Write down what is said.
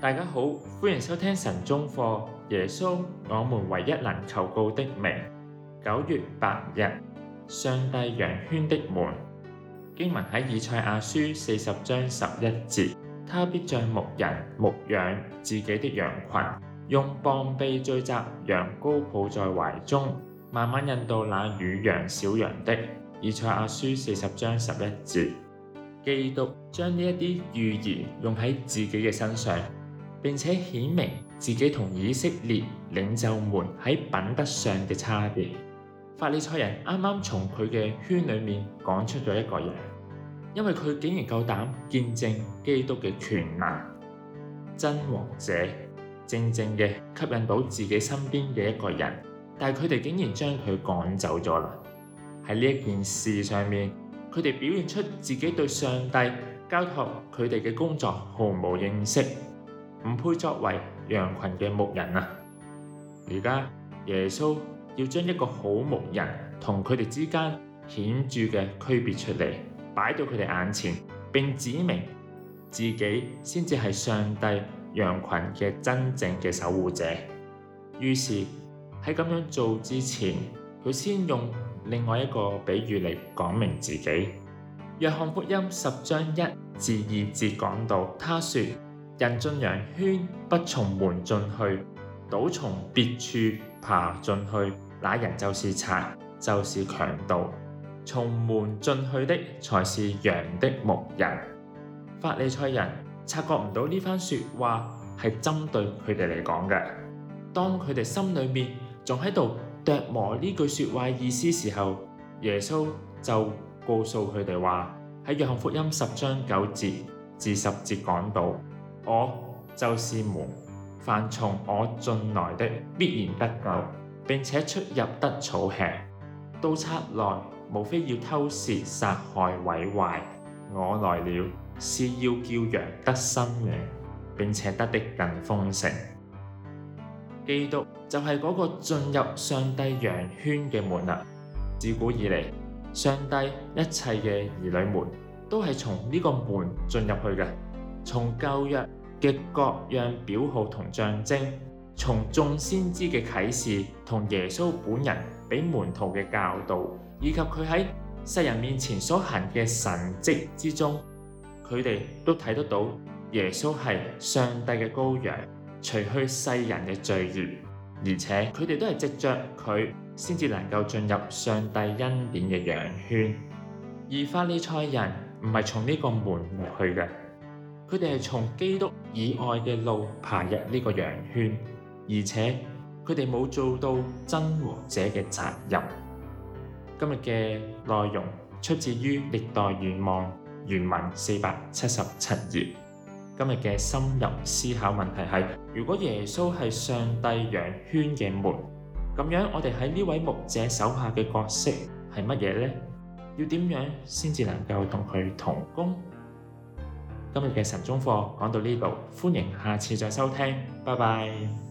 大家好，歡迎收聽神宗課。耶穌，我們唯一能求告的名。九月八日，上帝羊圈的門經文喺以賽亞書四十章十一節他必像牧人牧養，自己的羊群，用膀臂聚集羊羔，抱在懷中，慢慢引導那乳養小羊的。以賽亞書四十章十一節，基督將呢些啲預言用喺自己嘅身上。並且顯明自己同以色列領袖們喺品德上嘅差別。法利賽人啱啱從佢嘅圈裏面講出咗一個人，因為佢竟然夠膽見證基督嘅權能，真王者正正嘅吸引到自己身邊嘅一個人，但他佢哋竟然將佢趕走咗喇。喺呢件事上面，佢哋表現出自己對上帝交託佢哋嘅工作毫無認識，唔配作為羊群嘅牧人啊！而家耶穌要將一個好牧人同佢哋之間顯著嘅區別出嚟，擺到佢哋眼前，並指明自己先至係上帝羊群嘅真正嘅守護者。於是喺咁樣做之前，佢先用另外一個比喻嚟講明自己。約翰福音十章一至二節講到，他說。人進羊圈，不從門進去，倒從別處爬進去，那人就是賊，就是強盜。從門進去的才是羊的牧人。法利賽人察覺唔到呢番說話係針對佢哋嚟講嘅。當佢哋心裏面仲喺度琢磨呢句說話意思時候，耶穌就告訴佢哋話，喺約翰福音十章九節至十節講到，我就是門，凡從我進來的必然得救，並且出入得草吃。盜賊來，無非要偷竊、殺害、毀壞。我來了是要叫羊得生命，並且得的更豐盛。基督就係嗰個進入上帝羊圈嘅門。自古以嚟，上帝一切嘅兒女們都係從呢個門進入去嘅。從舊約的各樣表號同象徵，從眾先知嘅啟示同耶穌本人俾門徒嘅教導，以及佢喺世人面前所行嘅神迹之中，佢哋都睇得到耶穌係上帝嘅羔羊，除去世人嘅罪孽，而且佢哋都係藉着佢先至能夠進入上帝恩典嘅羊圈。而法利賽人唔係從呢個門入去嘅。佢哋係從基督以外嘅路爬入呢個羊圈，而且佢哋冇做到真和者嘅責任。今日嘅內容出自於《歷代願望》原文四百七十七頁。今日嘅深入思考問題係：如果耶穌係上帝羊圈嘅門，咁樣我哋喺呢位牧者手下嘅角色係乜嘢呢？要點樣先至能夠同佢同工？今日嘅晨鐘課講到呢度，歡迎下次再收聽，拜拜。